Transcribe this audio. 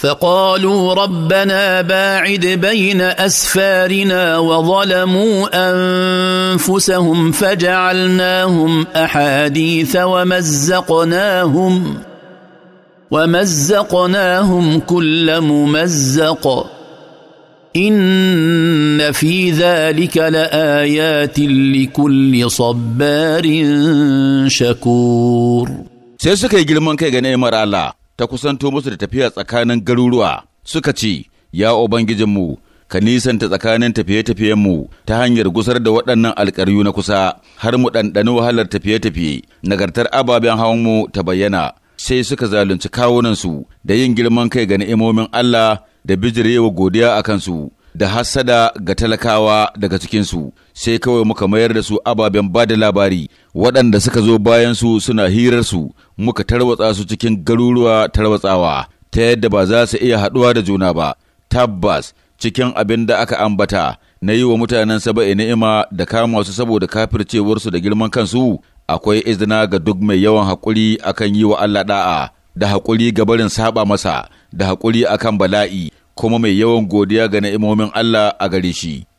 فقالوا ربنا باعد بين اسفارنا وظلموا انفسهم فجعلناهم احاديث ومزقناهم ومزقناهم كل ممزق ان في ذلك لايات لكل صبار شكور sai suka yi girman ta kusanto musu da tafiya tsakanin garuruwa suka ce, Ya Ubangijinmu, ka nisanta tsakanin tafiye-tafiyenmu ta hanyar gusar da waɗannan alƙaryu na kusa har mu ɗanɗani wahalar tafiye-tafiye, nagartar ababen hawanmu ta bayyana. Sai suka zalunci kawunansu da yin girman kai ga ni'imomin Allah da bijirewa godiya a kansu. da hassada ga talakawa daga cikinsu sai kawai muka mayar da su ababen ba da labari waɗanda suka zo bayansu suna hirarsu muka tarwatsa su cikin garuruwa tarwatsawa ta yadda ba za su iya haɗuwa da juna ba tabbas cikin abin da aka ambata na yi wa mutanen saba'i ni'ima da kama su saboda kafircewarsu da girman kansu akwai izina ga duk mai yawan haƙuri akan yi wa Allah da'a da haƙuri ga barin saɓa masa da haƙuri akan bala'i kuma mai yawan godiya ga na'imomin Allah a gare shi.